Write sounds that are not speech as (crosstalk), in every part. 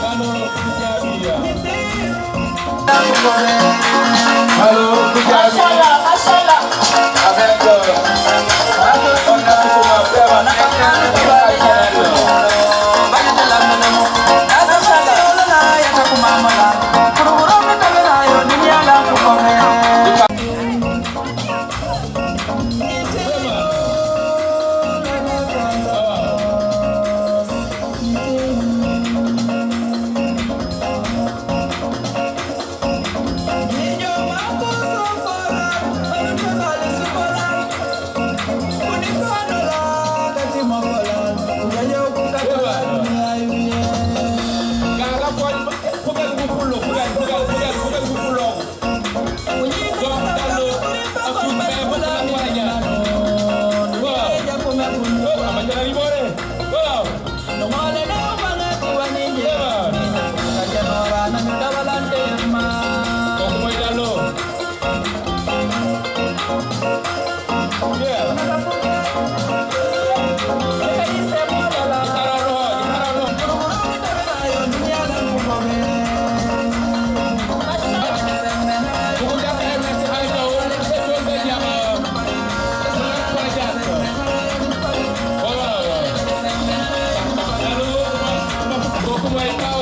Hello, Pujabi. Hello, Pujabi. my God.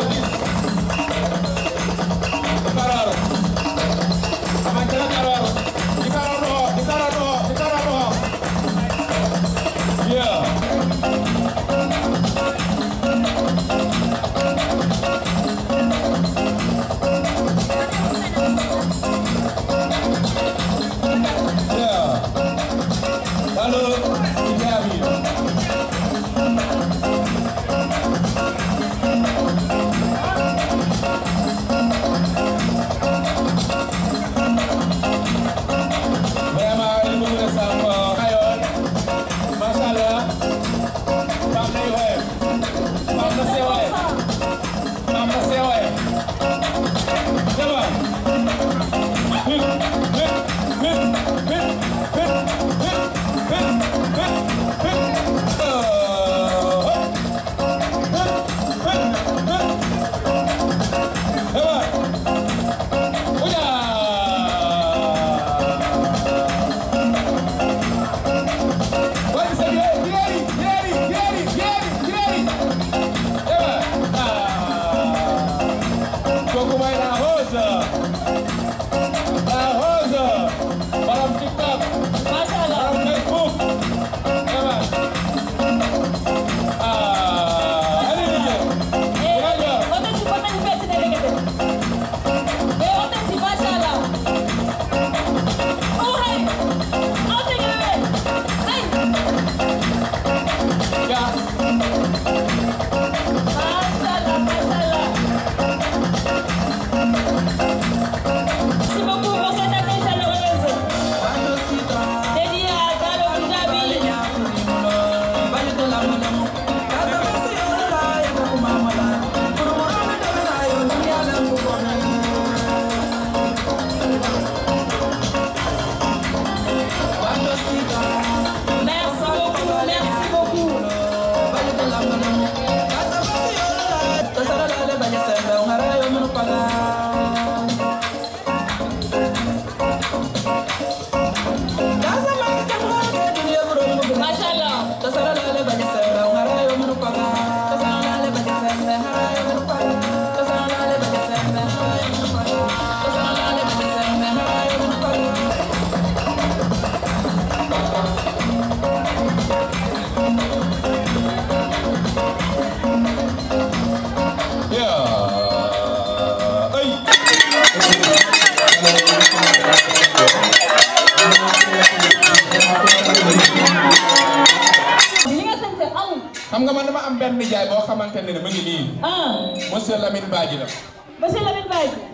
dama am benn nijaay xamante ne mu ngi nii. Ah. la. monsieur Lamine Badji.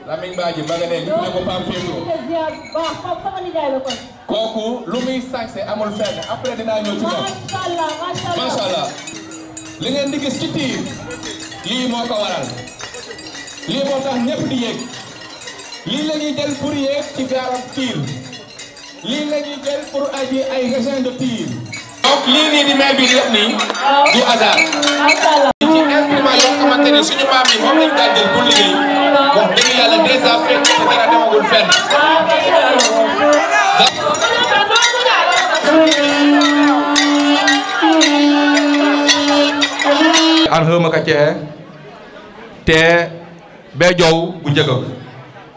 Lamine Badji ma nga ne gis nga ko Pape Fégo. waaw Pape sama li ngeen di gis ci tiir lii moo ko waral. moo tax ñëpp di yéeg. lii la ñuy jël pour yéeg ci gaarab tiir. lii la ñuy jël pour aji ay raisin de tiir. donc lii nii di ah. an xëma ka te be jow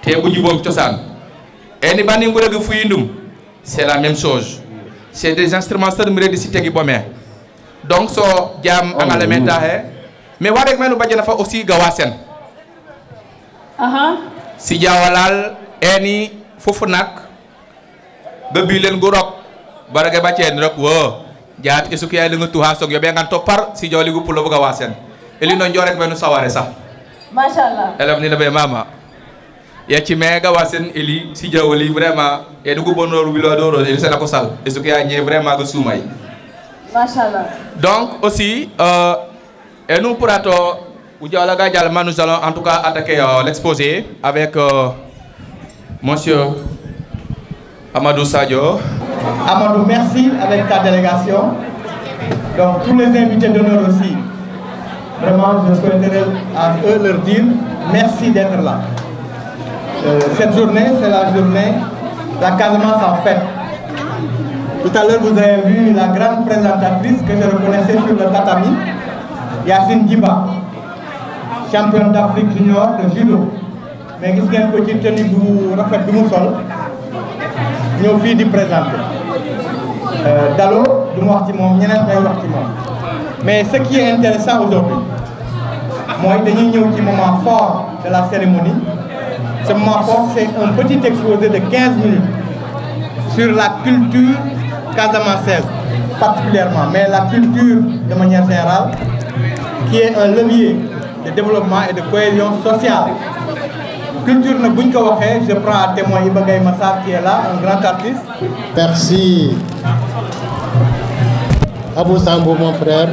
te bu cosaan eni banni ngu fuyindum c'est la même c'est des instruments saɗumredi si tegi ɓome donc so jaam oh. angala men ta he eh. mais waɗek men ubajena fa aussi gawa sen si jawalal eni fofunak bebilen gurok barage bacen rok wo jaat isuki ay lengu tuha sok yobe ngan topar si jawli gu pulo gawa sen eli non jorek menu saware eh, sa machallah elam ni la be mama yettimega wasen eli sijawoli vraiment e bonor gubonnoru wiloɗo ɗo eli seeɗa ko sall e soki ha ñe vraiment ko suumay machallah donc aussi euh, et nous pour ato Oudjaolaga Dialma nous allons en tout cas attaquer euh, l'exposé avec euh, monsieur Amadou Sadio Amadou merci avec ta délégation donc tous les invités d'honneur aussi vraiment je souhaiterais à eux leur dire merci d'être là euh, cette journée, c'est la journée La casement en fête. Tout à l'heure, vous avez vu la grande présentatrice que je reconnaissais sur le tatami, Yacine Diba, championne d'Afrique junior de judo. mais qu'est-ce ko petite tenue pour rafet du sol Nous présenter euh, Dalo du ma wax ci mais ce qui est intéressant aujourd'hui moi dañuy un ci moment fort de la cérémonie ce c'est un petit exposé de 15 minutes sur la culture casamanceuse, particulièrement, mais la culture de manière générale, qui est un levier de développement et de cohésion sociale. Culture ne je prends à témoin Ibagay Massar qui est là, un grand artiste. Merci. Abou Sambo, mon frère.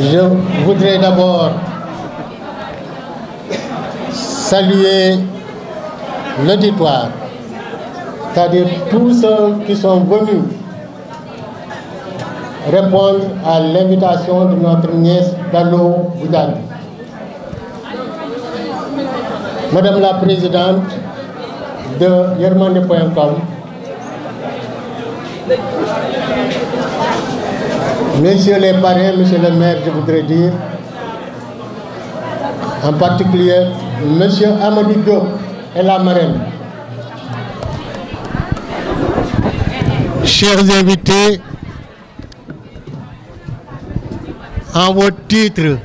Je voudrais d'abord saluer l'auditoire, c'est-à-dire tous ceux qui sont venus répondre à l'invitation de notre nièce Dalo Boudani. Madame la Présidente de yermande.com, Messieurs les parrains, Monsieur le maire, je voudrais dire en particulier Monsieur Amadou Diop et la marraine. Chers invités, en vos titres,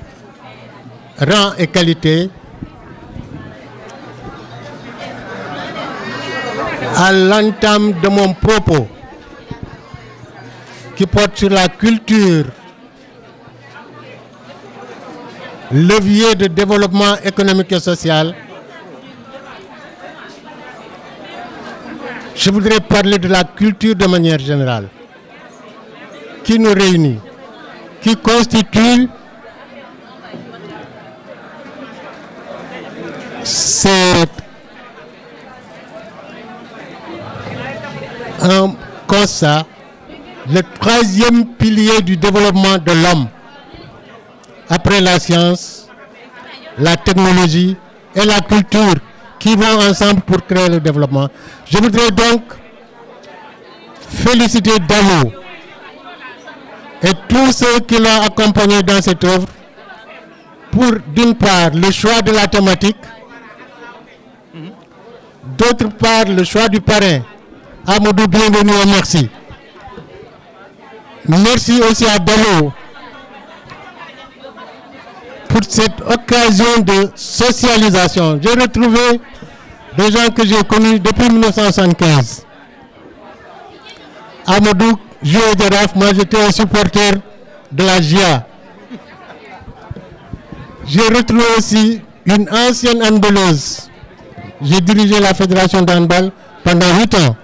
rang et qualité, à l'entame de mon propos, qui porte sur la culture, levier de développement économique et social. Je voudrais parler de la culture de manière générale, qui nous réunit, qui constitue cette un constat le troisième pilier du développement de l'homme, après la science, la technologie et la culture qui vont ensemble pour créer le développement. Je voudrais donc féliciter Damo et tous ceux qui l'ont accompagné dans cette œuvre pour, d'une part, le choix de la thématique, d'autre part, le choix du parrain. Amadou, bienvenue et merci. Merci aussi à Bello pour cette occasion de socialisation. J'ai retrouvé des gens que j'ai connus depuis 1975. Amadou Joué de moi j'étais un supporter de la GIA. J'ai retrouvé aussi une ancienne handballeuse. J'ai dirigé la fédération d'handball pendant 8 ans.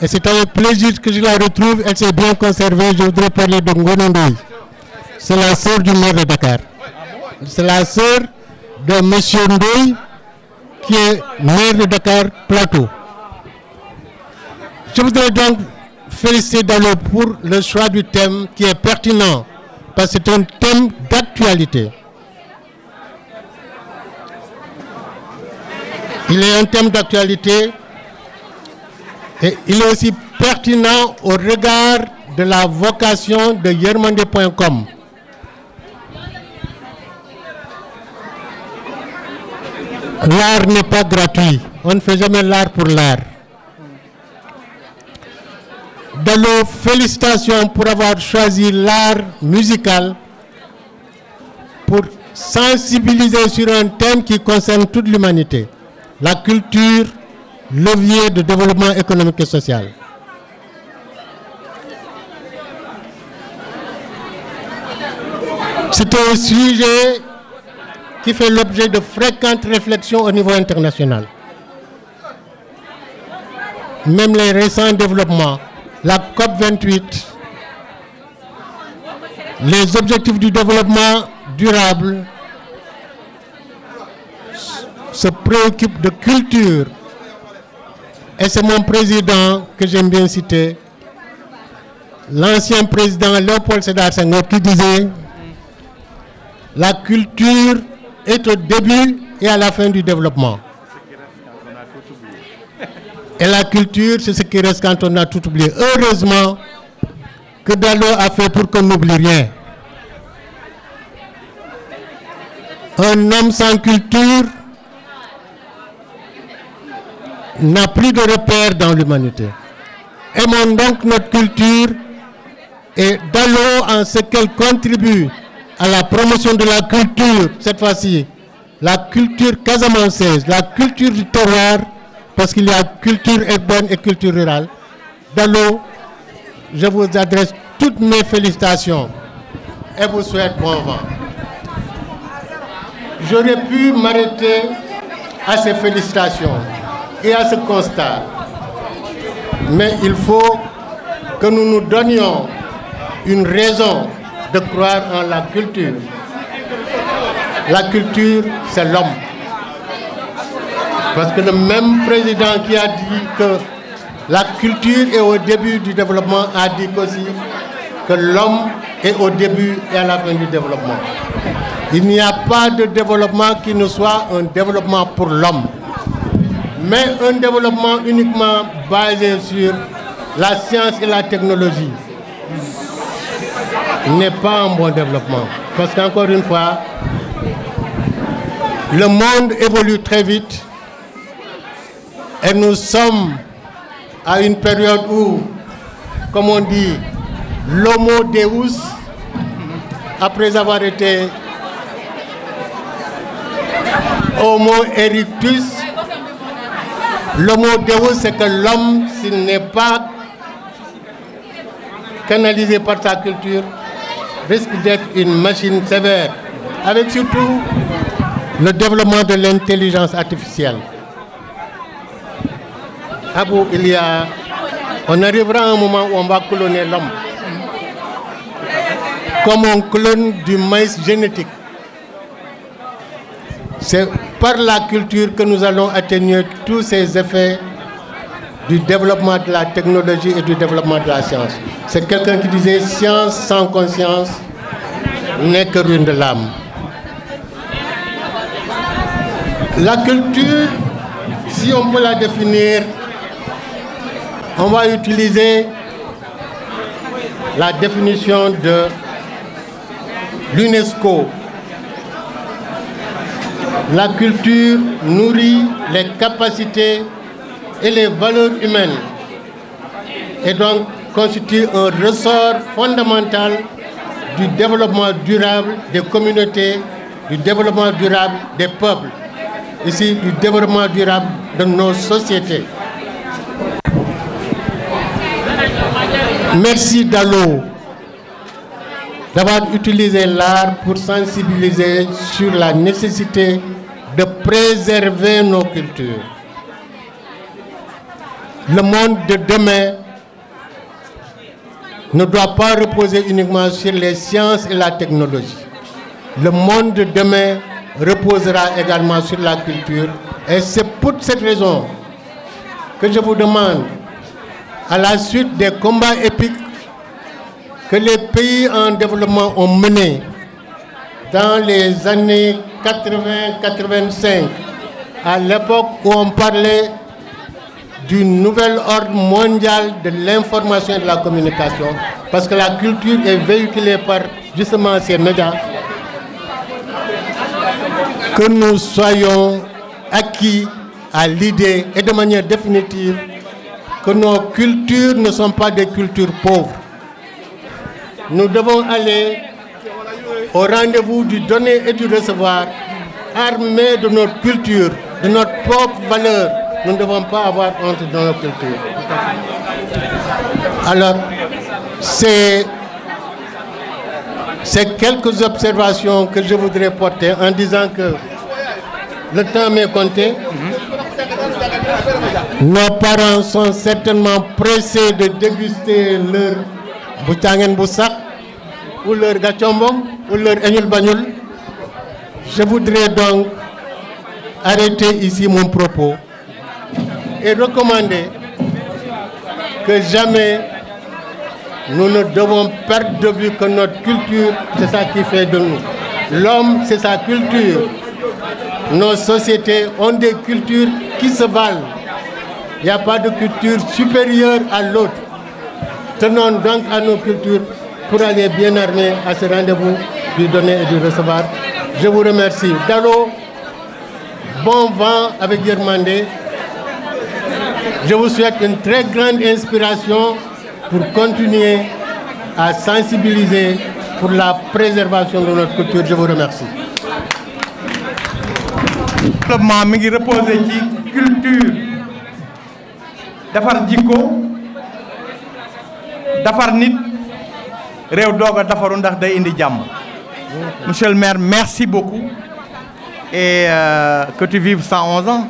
Et c'est un plaisir que je la retrouve. Elle s'est bien conservée. Je voudrais parler de Ngonandoui. C'est la sœur du maire de Dakar. C'est la sœur de M. Ndoui, qui est maire de Dakar Plateau. Je voudrais donc féliciter Dano pour le choix du thème qui est pertinent, parce que c'est un thème d'actualité. Il est un thème d'actualité et il est aussi pertinent au regard de la vocation de Yermande.com. L'art n'est pas gratuit. On ne fait jamais l'art pour l'art. De nos félicitations pour avoir choisi l'art musical pour sensibiliser sur un thème qui concerne toute l'humanité, la culture, levier de développement économique et social. C'est un sujet qui fait l'objet de fréquentes réflexions au niveau international. Même les récents développements, la COP28, les objectifs du développement durable se préoccupent de culture, et c'est mon président que j'aime bien citer, l'ancien président Léopold Sédar Senghor qui disait La culture est au début et à la fin du développement. Et la culture, c'est ce qui reste quand on a tout oublié. Heureusement que Dallo a fait pour qu'on n'oublie rien. Un homme sans culture n'a plus de repère dans l'humanité. Aimons donc notre culture et dallons en ce qu'elle contribue à la promotion de la culture, cette fois-ci, la culture casamanceuse, la culture du terroir, parce qu'il y a culture urbaine et culture rurale. Dallons, je vous adresse toutes mes félicitations et vous souhaite bon vent. J'aurais pu m'arrêter à ces félicitations et à ce constat. Mais il faut que nous nous donnions une raison de croire en la culture. La culture, c'est l'homme. Parce que le même président qui a dit que la culture est au début du développement a dit aussi que l'homme est au début et à la fin du développement. Il n'y a pas de développement qui ne soit un développement pour l'homme mais un développement uniquement basé sur la science et la technologie n'est pas un bon développement. Parce qu'encore une fois, le monde évolue très vite et nous sommes à une période où, comme on dit, l'homo deus, après avoir été homo erectus, le mot c'est que l'homme, s'il n'est pas canalisé par sa culture, risque d'être une machine sévère, avec surtout le développement de l'intelligence artificielle. il y a... On arrivera à un moment où on va cloner l'homme. Comme on clone du maïs génétique. C'est par la culture que nous allons atténuer tous ces effets du développement de la technologie et du développement de la science. C'est quelqu'un qui disait science sans conscience n'est que ruine de l'âme. La culture, si on peut la définir, on va utiliser la définition de l'UNESCO la culture nourrit les capacités et les valeurs humaines et donc constitue un ressort fondamental du développement durable des communautés, du développement durable des peuples, ici du développement durable de nos sociétés. Merci Dalo d'avoir utilisé l'art pour sensibiliser sur la nécessité de préserver nos cultures. Le monde de demain ne doit pas reposer uniquement sur les sciences et la technologie. Le monde de demain reposera également sur la culture. Et c'est pour cette raison que je vous demande, à la suite des combats épiques que les pays en développement ont menés dans les années 80-85, à l'époque où on parlait du nouvel ordre mondial de l'information et de la communication, parce que la culture est véhiculée par justement ces médias, que nous soyons acquis à l'idée et de manière définitive que nos cultures ne sont pas des cultures pauvres. Nous devons aller au rendez-vous du donner et du recevoir, armés de notre culture, de notre propre valeur. Nous ne devons pas avoir honte dans notre culture. Alors, c'est quelques observations que je voudrais porter en disant que le temps m'est compté. Nos parents sont certainement pressés de déguster leur boutangen boussak ou leur Gatchombong ou leur Enyul Je voudrais donc arrêter ici mon propos et recommander que jamais nous ne devons perdre de vue que notre culture, c'est ça qui fait de nous. L'homme, c'est sa culture. Nos sociétés ont des cultures qui se valent. Il n'y a pas de culture supérieure à l'autre. Tenons donc à nos cultures pour aller bien armé à ce rendez-vous du donner et du recevoir. Je vous remercie. Dalo, bon vent avec Yermandé. Je vous souhaite une très grande inspiration pour continuer à sensibiliser pour la préservation de notre culture. Je vous remercie. développement culture Réw ndax day indi monsieur le maire merci beaucoup et euh, que tu vives 111 ans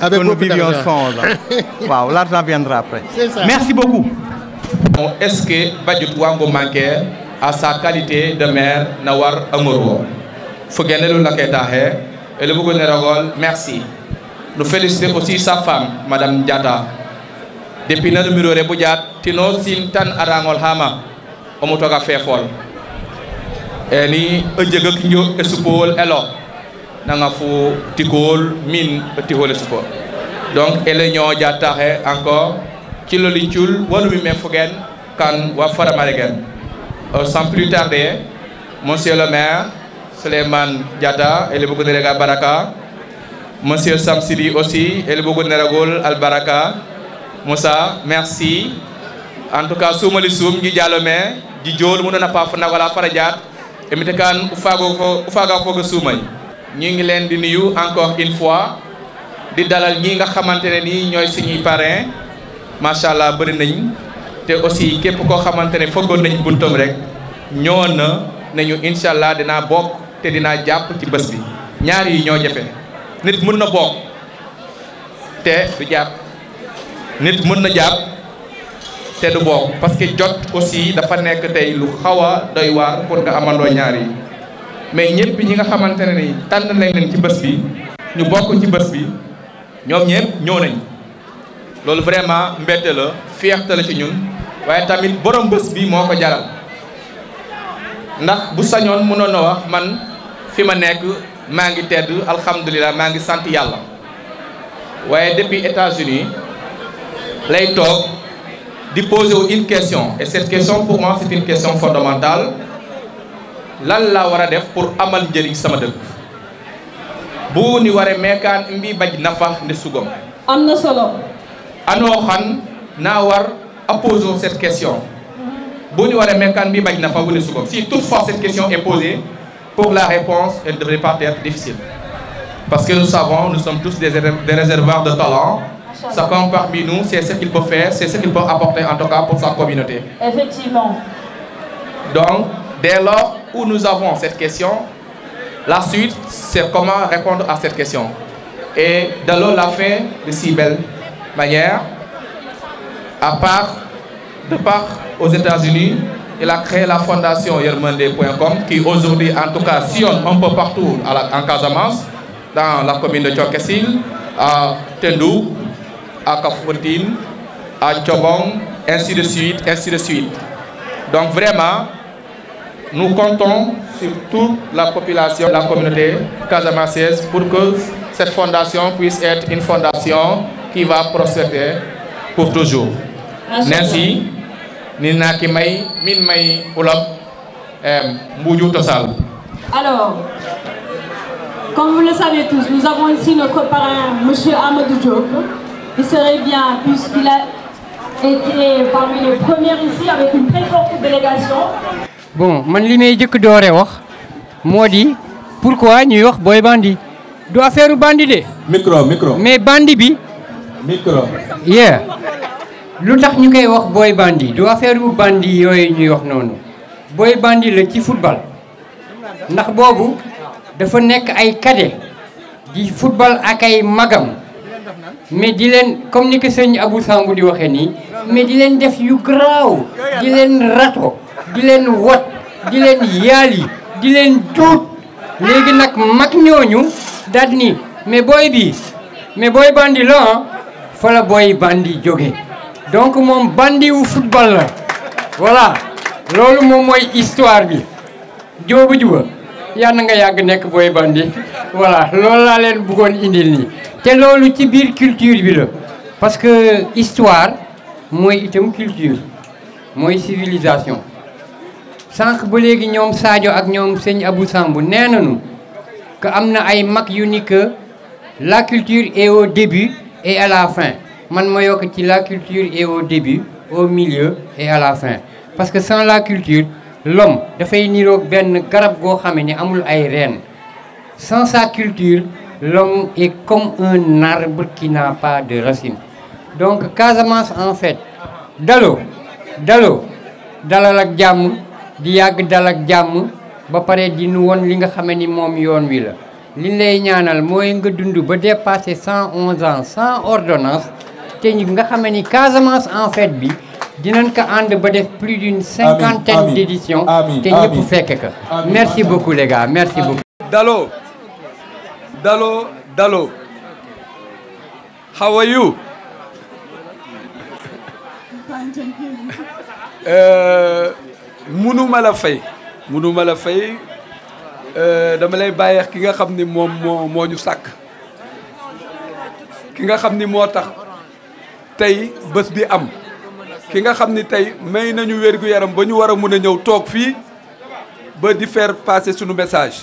avec que nous vivions 111 ans (laughs) waaw l'argent viendra après merci beaucoup est-ce que Badiou Touango manquer à sa qualité de maire na war et le fogenelu et le nerogol merci nous félicitons aussi sa femme madame Diata depuis nalumirore ɓuƴat tino sim tan aragol hama omo toga feefol eni o jega kiño e supowol elo nanga fo tikowol min ti tihol e supo donc ele ñooja taxe encore eh, cilolin cul wonumi me fogen kan wa faramare eh, gen sans plus tarder monsieur le maire Suleiman Jata ele bugo nerega baraka monsieur Samsidi aussi ele bugo neragol al baraka Moussa merci en tout cas suumali suum ji jalome ji jool mu nana paa nagola fara jaat e mite kan u faago fo u faaga fooga ñu ngi leen di nuyu encore une fois di dalal ñi nga xamante ne nii ñooy suñuy parrain macha allah bëri nañ te aussi képp koo xamante ne fëggoon nañ buntam rek ñëwoon na nañu incha allah dinaa bokk te dinaa jàpp ci bés bi ñaar yi ñoo jafe nit mën na bokk te du jàpp nit mën na jàpp te du bokk parce que jot aussi dafa nekk tey lu xaw a doy waar pour nga amandoo ñaar yi mais ñëpp ñi nga xamante ne ni tànn nañ leen ci bi ñu bokk ci bés bi nañ vraiment la la ci ñun tamit borom bi jaral ndax bu na wax man fi ma nekk maa ngi tedd alhamdulilah maa ngi sant yàlla depuis États-Unis l'État, de poser une question et cette question pour moi c'est une question fondamentale Qu'est-ce def pour amal njëriñ sama dëkk buu ni ware meekaan mbi baj nafa nde sugom solo xan cette question Si ni ware meekaan mbi baj nafa wunde si toutefois cette question est posée pour la réponse elle ne devrait pas être difficile parce que nous savons nous sommes tous des réservoirs de talents. Chacun parmi nous, c'est ce qu'il peut faire, c'est ce qu'il peut apporter en tout cas pour sa communauté. Effectivement. Donc, dès lors où nous avons cette question, la suite, c'est comment répondre à cette question. Et dès lors l'a fait de si belle manière. À part, de part aux États-Unis, il a créé la fondation yermande.com qui aujourd'hui, en tout cas, sillonne un peu partout en Casamance, dans la commune de Tchokessil, à Tendou, à Kafountine, à Tchobong, ainsi de suite, ainsi de suite. Donc vraiment, nous comptons sur toute la population, la communauté casamassaise pour que cette fondation puisse être une fondation qui va prospérer pour toujours. Merci. Eh, Alors, comme vous le savez tous, nous avons ici notre parrain, M. Amadou Diop. Il serait bien, puisqu'il a été parmi les premiers ici avec une très forte délégation. bon man li may pourquoi New York Boy Bandi doit faire bandi bandit. micro micro mais bandi bi. micro. yeah lu tax Boy Bandi du bandi ñuy wax Boy Bandi le ci football ndax boobu dafa nekk ay football magam. mais di leen comme ni ko sëñ Abou Sangu di waxee nii mais di leen def yu garaaw di leen rato di leen wat di leen yaali di leen duut léegi nag mag ñooñu daal ni mais booy bi mais booy bandi la ah, fa la booy bandi jóge donc moom bandi wu football la voilà loolu moom mooy histoire bi jooba juba yàlla na nga yàgg nekk booy bandi voilà loolu laa leen bëggoon indil nii Telo loolu ci biir culture bi la parce que histoire mooy itam culture mooy civilisation sànq ba léegi ñoom Sadio ak ñoom Seigne Abou Samb nee nañu que am na ay mag yu ni que la culture est au début et à la fin man ma yokk ci la culture est au début au milieu et à la fin parce que sans la culture l'homme dafay niroog benn garab goo xam ne amul ay reen sans sa culture l'homme est comme un arbre qui n'a pas de racines. Donc Casamance en fait Dalo, Dalo, dalal ak Diag di yàgg Bapare ak jàmm ba pare di nu woon li nga xamee ni moom wi la li dépassé 111 ans sans ordonnance te ñi nga ni Casamance en fait bi dinañ ko ànd ba def plus d'une cinquantaine d'éditions ñëpp ka merci beaucoup les gars merci beaucoup Dalo, Dalo Dalo. How are you? Fine, thank you. Euh, mënuma la fay mënuma la fay eh, dama lay bàyyeex ki nga xam ni moom moo moo ki nga xam ni moo tax bi am ki nga xam ni tey may nañu wér-gu-yaram ba ñëw ba di faire passer sunu message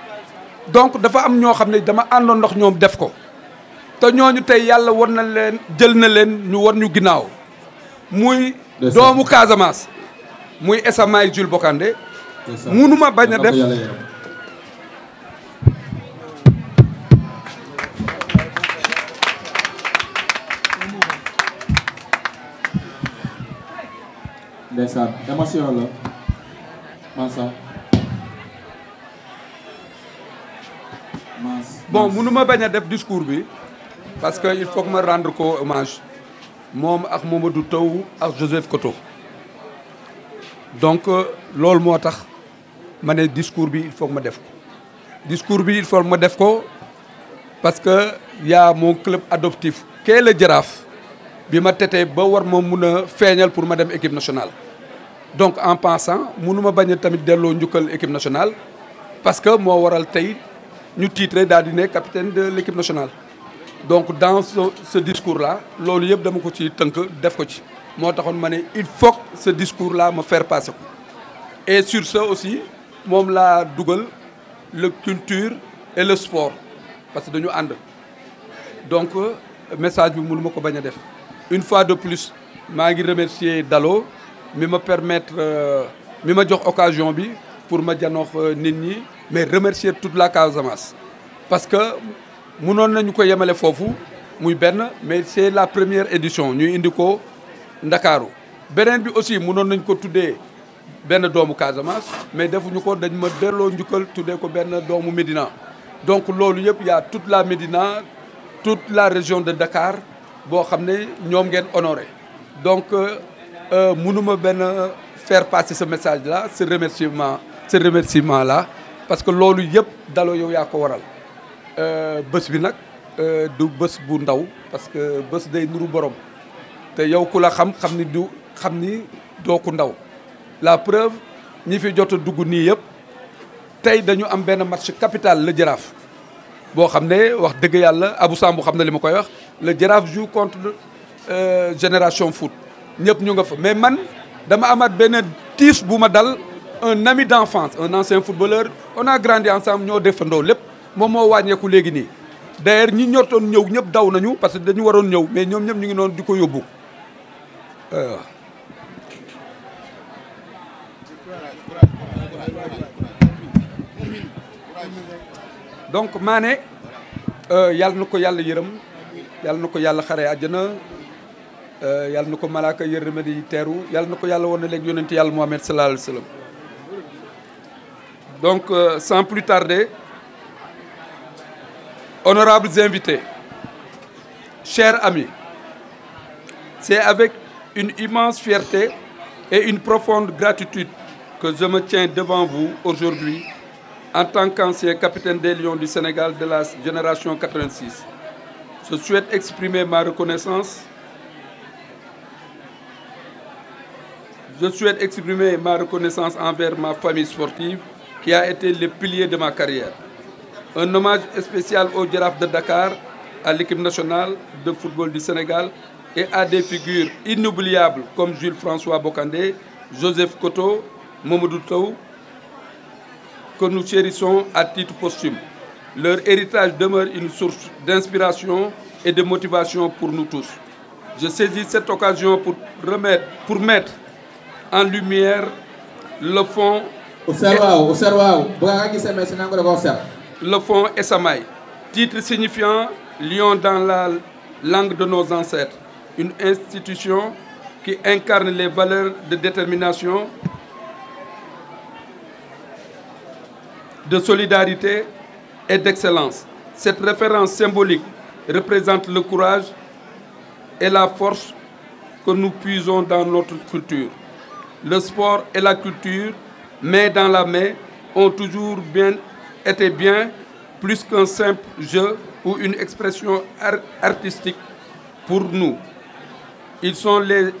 donc dafa am ñoo xam ne dama ànd ndox ñoom def ko te ñooñu tey yàlla won na leen jël na leen ñu won ñu ginnaaw muy doomu Casamance muy esamaay Jules Bocandé munuma bañ a def ndeysaan émotion la bon mënuma bañ a def discours bi parce que il faut que me rendre hommage mom ak momadou Taw ak Joseph Koto donc euh, loolu motax mané discours bi il faut que me def ko discours bi il faut que ma def ko parce que y'a mon club adoptif est la girafe bi ma tetee ba war ma meuna a pour ma dem équipe nationale donc en pensant mënuma bañ tamit delloo njukkal équipe nationale parce que mo waral tey nous titré titrés di capitaine de l'équipe nationale. donc dans ce discours là loolu ce dama ko ci tënk def ko ci il faut que ce discours là me faire passer et sur ce aussi moom la dugal le culture et le sport parce que nous and donc message bi mënu ma ko une fois de plus je ngi remercier Dalo mais me permettre euh, mi ma jox occasion bi pour ma dire euh, nit ñi mais remercier toute la Casamance parce que nous avons ko le foofu muy benn mais c'est la première édition nous indico Dakar... Ndakaaru bi aussi mënoon nañ ko tuddee benn Casamas, Casamance mais nous avons dañ ma delloo njukkal tuddee ko benn Médina donc il y a toute la Médina toute la région de Dakar ...qui est ne ñoom honoré donc euh, euh, nous benn faire passer ce message là ce remerciement ce remerciement là parce que loolu yëpp daloo yow yaa ko waral euh, bés bi nag euh, du bés bu ndaw parce que bés day nuru borom te yow ku la xam xam ni du xam ni doo ku ndaw la preuve ñi fi jot a dugg nii yëpp tey dañu am benn match capital la Jaraaf boo xam ne wax dëgg yàlla abu Samb xam na li ma koy wax la Jaraaf joue contre euh, génération foot ñëpp ñu nga fa mais man dama amaat benn tiis bu ma dal un ami d'enfance un ancien footballeur on a grandi ensemble ñoo défendu lépp Momo moo wàññeeku d'ailleurs ñi ñortoon daw parce que dañu waroon nous mais ñoom ñëpp ñu ngi noonu euh. donc Mané, ne euh, yàlla na nous yàlla fait. nous na ko yàlla xare àjjana euh, yàlla na ko di teeru sallallahu donc, euh, sans plus tarder, honorables invités, chers amis, c'est avec une immense fierté et une profonde gratitude que je me tiens devant vous aujourd'hui en tant qu'ancien capitaine des Lions du Sénégal de la génération 86. Je souhaite exprimer ma reconnaissance. Je souhaite exprimer ma reconnaissance envers ma famille sportive qui a été le pilier de ma carrière. Un hommage spécial aux girafes de Dakar, à l'équipe nationale de football du Sénégal et à des figures inoubliables comme Jules François Bocandé, Joseph Koto, Momodou Taou, que nous chérissons à titre posthume. Leur héritage demeure une source d'inspiration et de motivation pour nous tous. Je saisis cette occasion pour, remettre, pour mettre en lumière le fond le fond Essamay, titre signifiant Lyon dans la langue de nos ancêtres, une institution qui incarne les valeurs de détermination, de solidarité et d'excellence. Cette référence symbolique représente le courage et la force que nous puisons dans notre culture. Le sport et la culture mais dans la main, ont toujours bien, été bien plus qu'un simple jeu ou une expression artistique pour nous. Ils sont les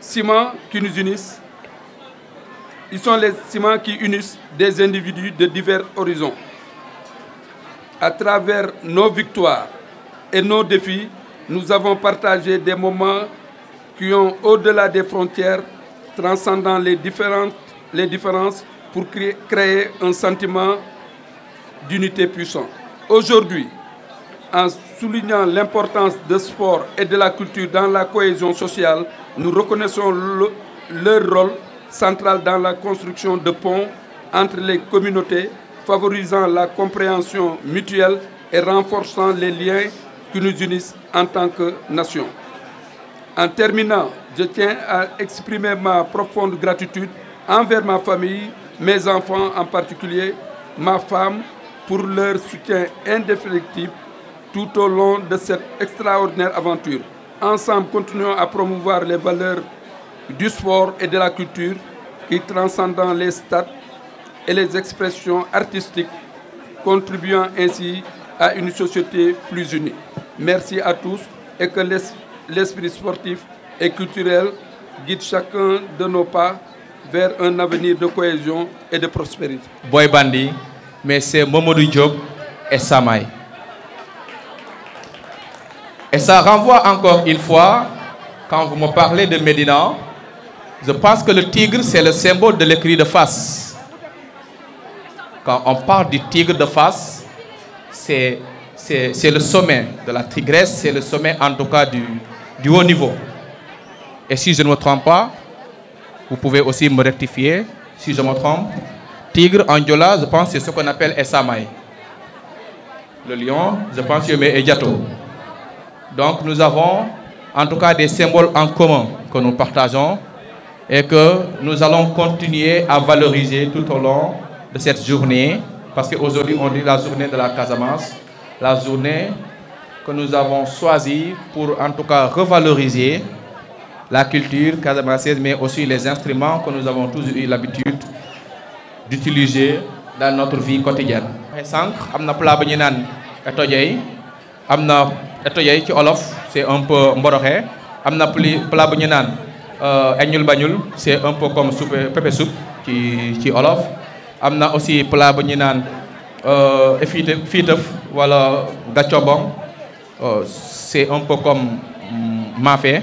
ciments qui nous unissent. Ils sont les ciments qui unissent des individus de divers horizons. À travers nos victoires et nos défis, nous avons partagé des moments qui ont au-delà des frontières, transcendant les différentes les différences pour créer, un sentiment d'unité puissant. Aujourd'hui, en soulignant l'importance du sport et de la culture dans la cohésion sociale, nous reconnaissons leur rôle central dans la construction de ponts entre les communautés, favorisant la compréhension mutuelle et renforçant les liens qui nous unissent en tant que nation. En terminant, je tiens à exprimer ma profonde gratitude envers ma famille, mes enfants en particulier, ma femme, pour leur soutien indéfectible tout au long de cette extraordinaire aventure. Ensemble, continuons à promouvoir les valeurs du sport et de la culture qui, transcendant les stats et les expressions artistiques, contribuant ainsi à une société plus unie. Merci à tous et que l'esprit sportif et culturel guide chacun de nos pas vers un avenir de cohésion et de prospérité. Boy Bandi, mais c'est et Et ça renvoie encore une fois, quand vous me parlez de Médina, je pense que le tigre, c'est le symbole de l'écrit de face. Quand on parle du tigre de face, c'est le sommet de la tigresse, c'est le sommet en tout cas du, du haut niveau. Et si je ne me trompe pas, vous pouvez aussi me rectifier si je me trompe. Tigre, Angiola, je pense que c'est ce qu'on appelle Essamay. Le lion, je pense que c'est Ediato. Donc nous avons en tout cas des symboles en commun que nous partageons et que nous allons continuer à valoriser tout au long de cette journée parce qu'aujourd'hui on dit la journée de la Casamance, la journée que nous avons choisie pour en tout cas revaloriser la culture casamassaise, mais aussi les instruments que nous avons tous eu l'habitude d'utiliser dans notre vie quotidienne. sànq am na plat bu ñu c'est un peu mboroxe am na pli plat bu ñu euh, c'est un peu comme soupe pépé soupe ci ci olof Amna aussi plat bu ñu euh fiita wala euh, c'est un peu comme mm, mafé.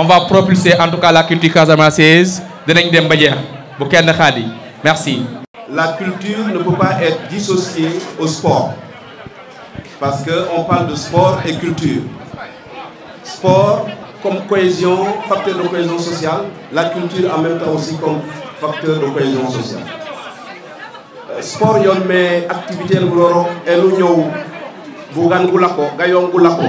on va propulser en tout cas la culture casamançaise de merci. la culture ne peut pas être dissociée au sport parce qu'on parle de sport et culture sport comme cohésion facteur de cohésion sociale la culture en même temps aussi comme facteur de cohésion sociale. Euh, sport il mais activité une activité qui est bu gan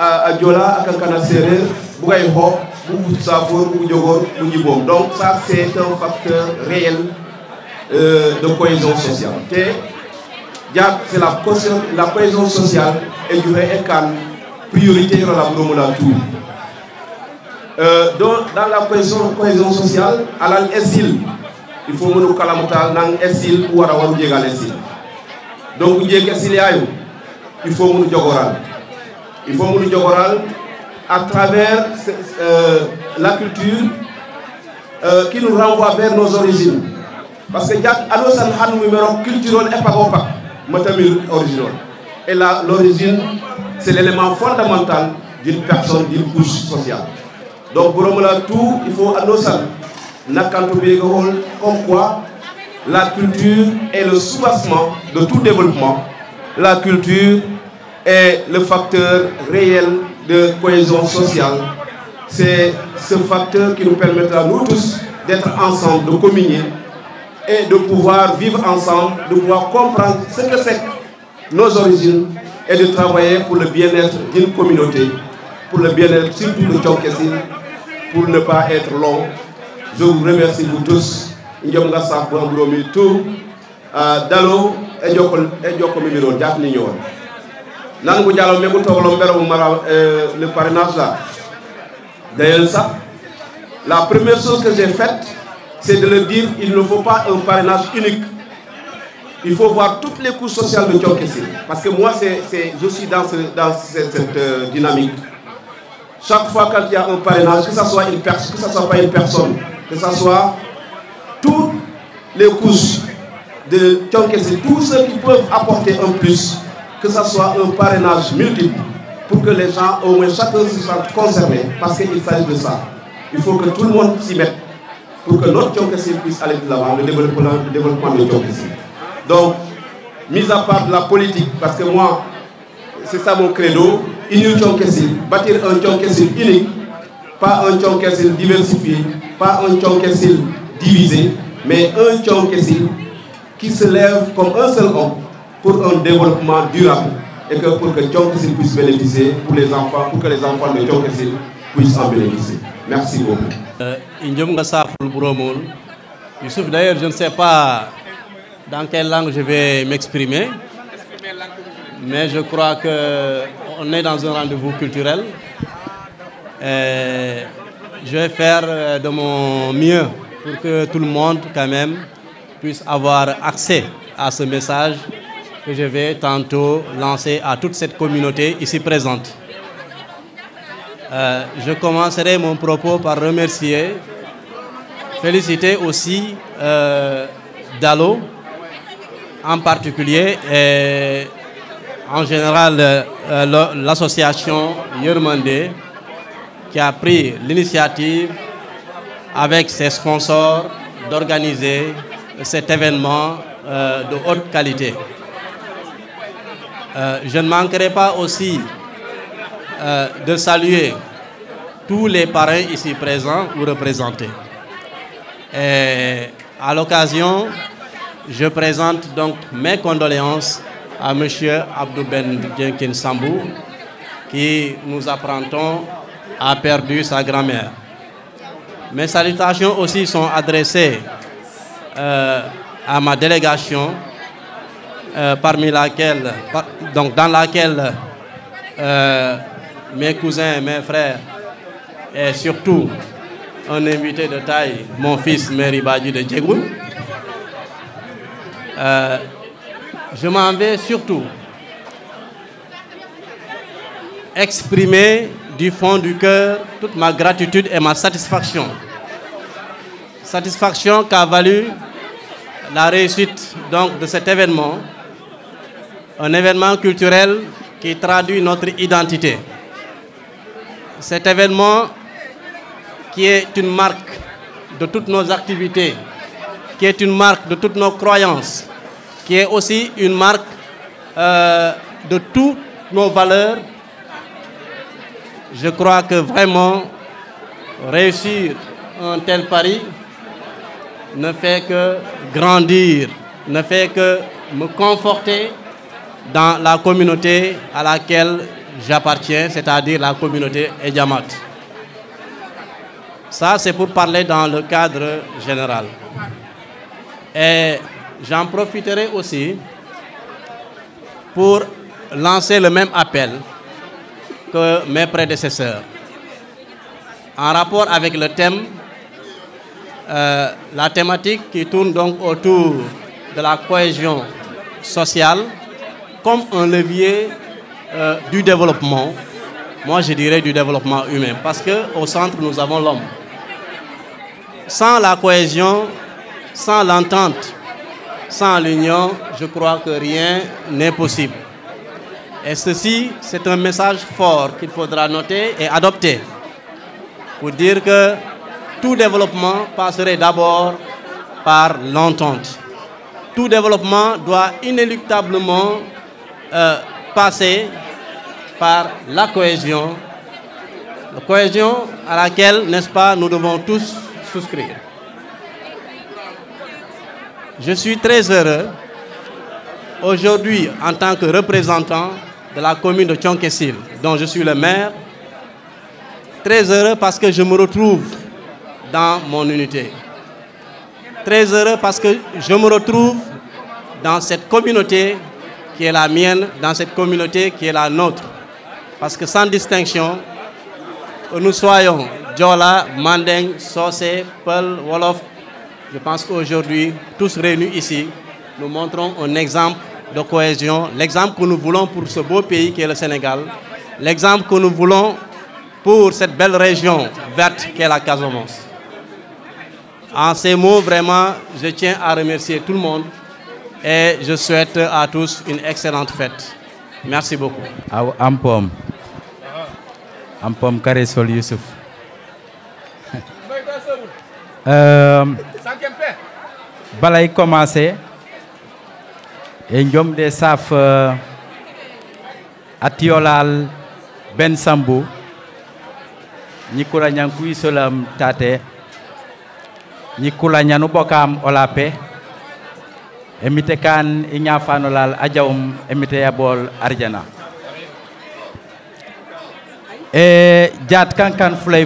a Diola, à Kankana Serrer, Bougaïho, Bougoutsafo, Bougoudiogor, Bougibom. Donc ça, c'est un facteur réel euh, de cohésion sociale. C'est la, la cohésion sociale et il y aurait une priorité dans la Bromolatou. Euh, donc, dans la cohésion, cohésion sociale, à l'Esil, il faut que nous calamotal dans l'Esil ou à la l'Esil. Donc, il y a il faut que nous il faut nous disions à travers euh, la culture euh, qui nous renvoie vers nos origines. Parce que nous Alosan Han numéro culturel et pas matamil Et là, l'origine, c'est l'élément fondamental d'une personne, d'une couche sociale. Donc, pour nous, tout, il faut nous comme quoi la culture est le soubassement de tout développement. La culture est le facteur réel de cohésion sociale. C'est ce facteur qui nous permettra, nous tous, d'être ensemble, de communier et de pouvoir vivre ensemble, de pouvoir comprendre ce que c'est nos origines et de travailler pour le bien-être d'une communauté, pour le bien-être surtout de Tchonkessin, pour ne pas être long. Je vous remercie vous tous. Euh, Dalo et eh, le parrainage là la première chose que j'ai faite c'est de leur dire il ne faut pas un parrainage unique il faut voir toutes les couches sociales de Tchokessi parce que moi c'est je suis dans, cette, euh, dynamique chaque fois qu'il y a un parrainage que ce soit une personne que ça soit pas une personne que ce soit toutes les couches de Tchokessi tous ceux qui peuvent apporter un plus que ce soit un parrainage multiple pour que les gens, au moins chacun se soient concernés parce qu'il s'agit de ça. Il faut que tout le monde s'y mette pour que notre Kessil puisse aller de l'avant, le développement, de développement de Donc, mis à part la politique, parce que moi, c'est ça mon credo, une Kessil, bâtir un Kessil unique, pas un Kessil diversifié, pas un Kessil divisé, mais un Kessil qui se lève comme un seul homme pour un développement durable et que pour que Tchonkesil puisse bénéficier pour les enfants, pour que les enfants de Tchonkesil puissent en bénéficier. Merci beaucoup. Euh, Youssouf, d'ailleurs, je ne sais pas dans quelle langue je vais m'exprimer, mais je crois qu'on est dans un rendez-vous culturel. Euh, je vais faire euh, de mon mieux pour que tout le monde, quand même, puisse avoir accès à ce message que je vais tantôt lancer à toute cette communauté ici présente. Euh, je commencerai mon propos par remercier, féliciter aussi euh, Dalo en particulier et en général euh, l'association Yermandé qui a pris l'initiative avec ses sponsors d'organiser cet événement de haute qualité. Euh, je ne manquerai pas aussi euh, de saluer tous les parrains ici présents ou représentés. Et à l'occasion, je présente donc mes condoléances à M. Abdou Ben Sambou, qui, nous apprendons, a perdu sa grand-mère. Mes salutations aussi sont adressées euh, à ma délégation, euh, parmi laquelle, donc dans laquelle euh, mes cousins, mes frères et surtout un invité de taille, mon fils Mary Badi de Djegoun. Euh, je m'en vais surtout exprimer du fond du cœur toute ma gratitude et ma satisfaction. Satisfaction qu'a valu la réussite donc, de cet événement un événement culturel qui traduit notre identité. Cet événement qui est une marque de toutes nos activités, qui est une marque de toutes nos croyances, qui est aussi une marque euh, de toutes nos valeurs. Je crois que vraiment réussir un tel pari ne fait que grandir, ne fait que me conforter dans la communauté à laquelle j'appartiens, c'est-à-dire la communauté Ediamat. Ça, c'est pour parler dans le cadre général. Et j'en profiterai aussi pour lancer le même appel que mes prédécesseurs en rapport avec le thème, euh, la thématique qui tourne donc autour de la cohésion sociale comme un levier euh, du développement, moi je dirais du développement humain, parce qu'au centre nous avons l'homme. Sans la cohésion, sans l'entente, sans l'union, je crois que rien n'est possible. Et ceci, c'est un message fort qu'il faudra noter et adopter pour dire que tout développement passerait d'abord par l'entente. Tout développement doit inéluctablement euh, passer par la cohésion, la cohésion à laquelle, n'est-ce pas, nous devons tous souscrire. Je suis très heureux aujourd'hui en tant que représentant de la commune de Tchonkessil, dont je suis le maire, très heureux parce que je me retrouve dans mon unité. Très heureux parce que je me retrouve dans cette communauté qui est la mienne, dans cette communauté qui est la nôtre. Parce que sans distinction, que nous soyons Djola, Mandeng, Sossé, Peul, Wolof, je pense qu'aujourd'hui, tous réunis ici, nous montrons un exemple de cohésion, l'exemple que nous voulons pour ce beau pays qui est le Sénégal, l'exemple que nous voulons pour cette belle région verte qui est la Casamance. En ces mots, vraiment, je tiens à remercier tout le monde et je souhaite à tous une excellente fête. Merci beaucoup. Ampom. Ampom Karesol Youssouf. (laughs) Euh, balay commencé nous jomde saf euh, Atiolal ben sambo Nicolas ñan kuyisolam tate Nicolas ñanu bokam olape emitekan mite kan e ñafanolal adiawum arjana. bol, ardiana e jaat kan fulay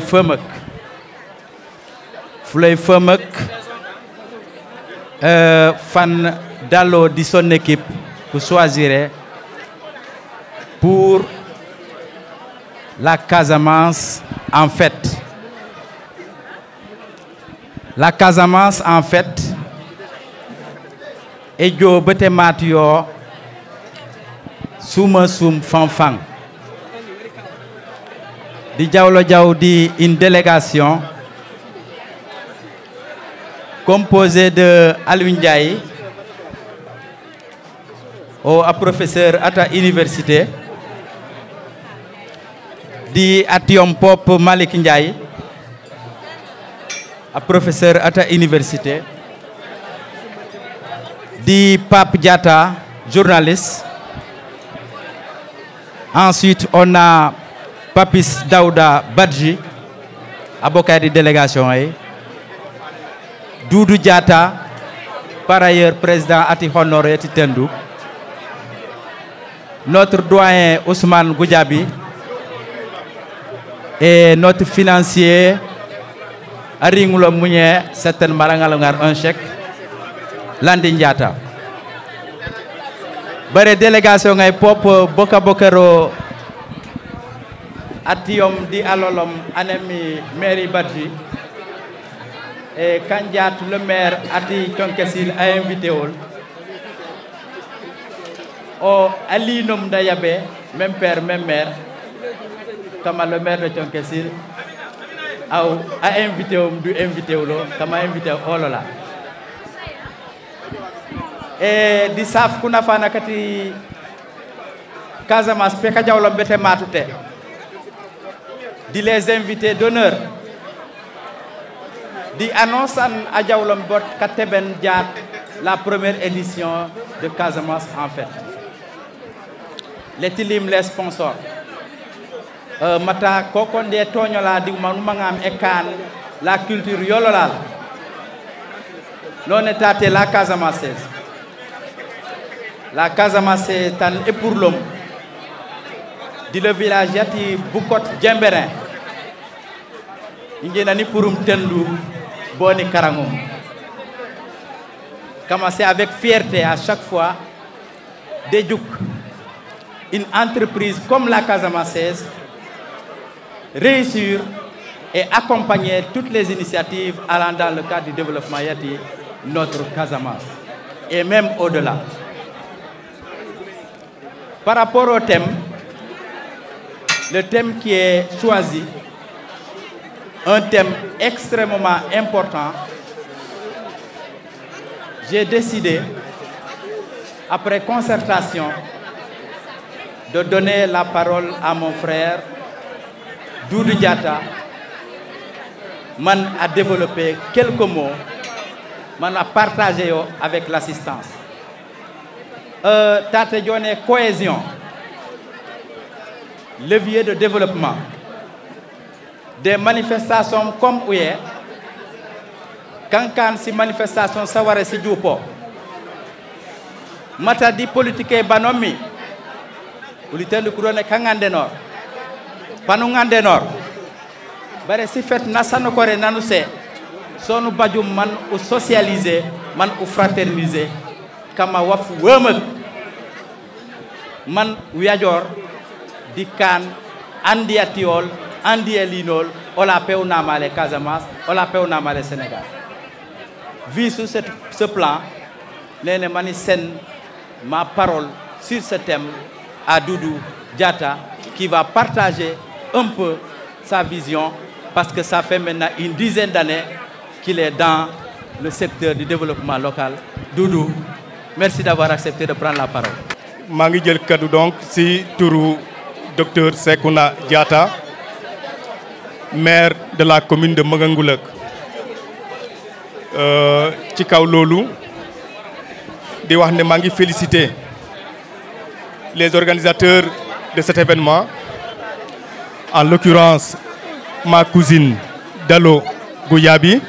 e, fan dallo di son équipe pour choisir pour la Casamance en fait. la Casamance en fait je jo bete matio suma sum fanfan di jawlo jaw di une délégation composée de Alioune Ndiaye au professeur à ta université di atiom pop professeur à ta université di Pape Diata, journaliste. Ensuite, on a Papis Daouda Badji, avocat de délégation. Eh. Doudou Diata, par ailleurs président Ati Honoré Titendou. Notre doyen Ousmane Goudjabi et notre financier Aringulo Mounier, certainement un chèque. landin bare délégation ngay pop euh, atiyom di alolom anemi mairie badji e kanjat ati conkesil a invité ol o alinom dayabe même kama le maire de conkesil a invité du invité kama invité olola Et ils savent qu'on a peka di les invités d'honneur di annonce a bot la première édition de casamance en fait. Les tilim les sponsors e, mata kokonde tognola di e la culture yololal non la casamance la Casamance est un pour du le village Yati bukot Djemberin. Il y a tendu, boni karangom. Commencez avec fierté à chaque fois. Déjouk, une entreprise comme la Casamance, réussir et accompagner toutes les initiatives allant dans le cadre du développement Yati, notre Casamance, et même au-delà. Par rapport au thème, le thème qui est choisi, un thème extrêmement important, j'ai décidé, après concertation, de donner la parole à mon frère Doudou Diata, man a développé quelques mots, man a partagé avec l'assistance euh, jone cohésion, levier de développement, des manifestations comme hier, quand quand si manifestation saware si djupo, di politique banomi, ulitendo kurone kangande nor, panungande nor, bare si fête nasano kore nanuse, sonu bajum man ou socialiser, man ou fraterniser, kama wafu wëmëg man wiajor di andiatiol, andi Elinol, andi Elinol, liinool ola le Casamance ola le Sénégal vu sur ce, plan je vais ma ma parole sur ce thème à Doudou Diata, qui va partager un peu sa vision parce que ça fait maintenant une dizaine d'années qu'il est dans le secteur du développement local Doudou Merci d'avoir accepté de prendre la parole. Mangi ngi jël donc ci Tourou, docteur Sekouna Diatta maire de la commune de Magangoulak euh, ci kaw je di wax ne féliciter les organisateurs de cet événement en l'occurrence ma cousine Dalo Gouyabi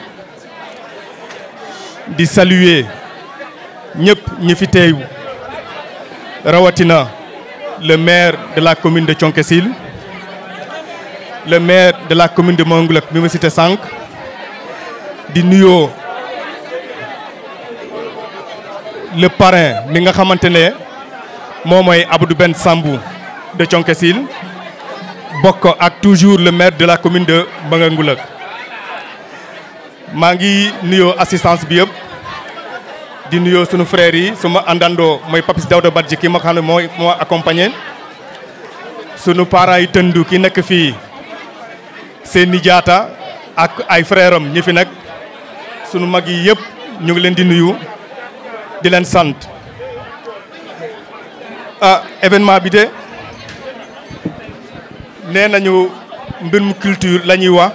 de saluer Nyep ñi rawatina le maire de la commune de Thionkesil le maire de la commune de Mangoulak mi cité di le parrain mi nga xamante ben Sambu de Thionkesil Boko ak toujours le maire de la commune de Mangoulak Mangi ngi assistance bi di nuyoo suñu frères yi suma àndandoo mooy Papis Daouda Badji ki ma xam mooy moo accompagné sunu parents yi tëndu ki nekk fii Seyni Diatta ak ay frères am ñi fi nag sunu mag yi yëpp ñu ngi leen di nuyu di leen sant ah événement bi de nee nañu mbirum culture la ñuy wax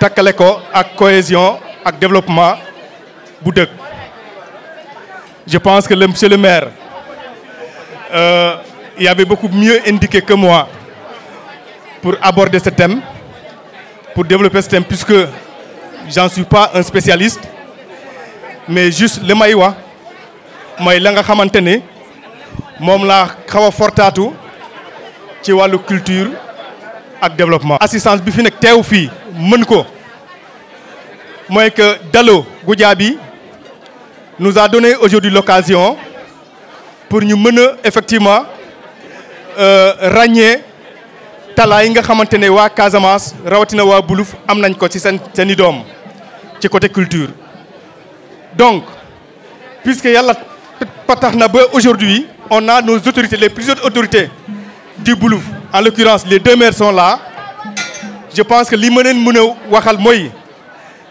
takkale ko ak cohésion ak développement je pense que le monsieur le maire euh, il avait beaucoup mieux indiqué que moi pour aborder ce thème pour développer ce thème puisque j'en suis pas un spécialiste mais juste maïwa, maire wax mooy la nga xamante je suis un xaw qui ci la culture le développement. assistance bi fi ko que Dalo nous a donné aujourd'hui l'occasion pour nous mener, effectivement à euh, régner yi nga xamantene wa Casamance rawatina wa Boulouf am ko côté culture. donc puisque yalla patax na ba aujourd'hui on a nos autorités les plus hautes autorités du Boulouf en l'occurrence les deux maires sont là je pense que li ma wa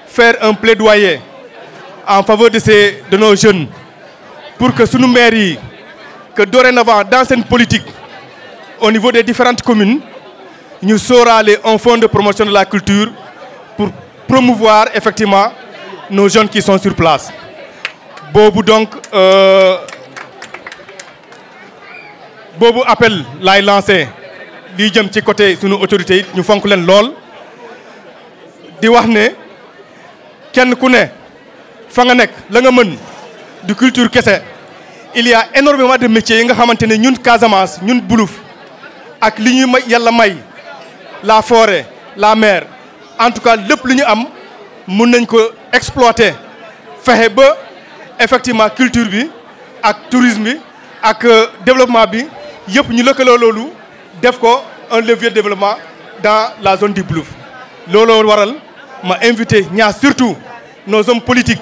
faire un plaidoyer en faveur de, nos jeunes pour que sous nos mairies, que dorénavant dans cette politique, au niveau des différentes communes, nous saurons aller en fonds de promotion de la culture pour promouvoir effectivement nos jeunes qui sont sur place. Bobo donc, euh, Bobo appelle l'a lancé, li jëm ci côté nos autorités. nous fonk len lol di wax ne connaît fa nga nekk la nga mën du culture kese il y a énormément de métiers nga xamante ne ñun Casamance ñun Boulouf ak li ñuy may yàlla may la forêt la mer en tout cas lépp lu am mun nañ ko exploiter fexe ba effectivement culture bi ak tourisme bi ak euh, développement bi yëpp ñu lëkkaloo loolu def ko un levier de développement dans la zone du Blouf. lolo waral ma invité ñaa surtout nos hommes politiques